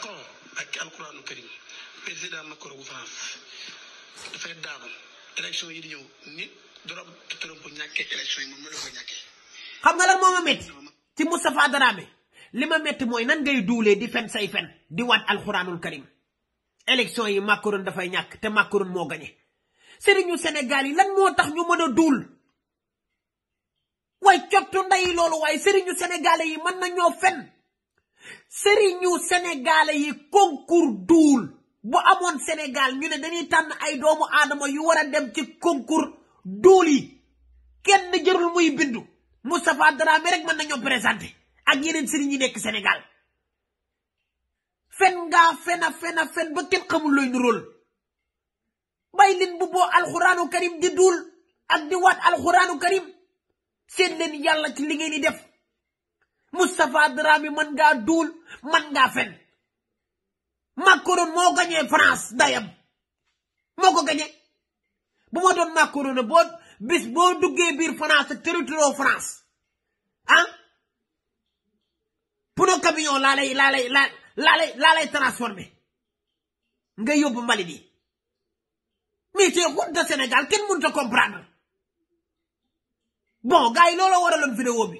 Macron ak alquranu karim président Macron bu xam nga lan moo ma métti ci Moustapha Dramé li ma metti mooy nan ngay duulee di fen say fen di waat alquranul karim élection yi Macron dafay ñàkk te Macron moo gañe sëriñu Sénégal yi lan moo tax ñu mën a duul waaye cottu nday loolu waaye sëriñu Sénégalais yi mën nañoo fen. sëriñu sénégalais yi concours duul bu amoon sénégal ñu ne dañuy tànn ay doomu aadama yu war a dem ci concours duul yi kenn jërul muy bindu Moustapha Dramé rek mën nañoo présenté ak yeneen sëriñ yi nekk sénégal fen ngaa fena fena fen ba kenn xamul looy nuróol bay leen bu boo alxuraanu karim di duul ak di waat alxuraanu karim seen leen yàlla ci li di def Moustapha Dramé mën ngaa duul mën ngaa fen Macron moo gañee France dayam moo ko gañee bu ma doon Macron na boo bis boo duggee biir France te territoire France ah pono camion laa lay laa lay laa nga yóbbu Mali bi mais c'est route Sénégal kenn mënut a bon gars yi looloo waraloon vidéo bi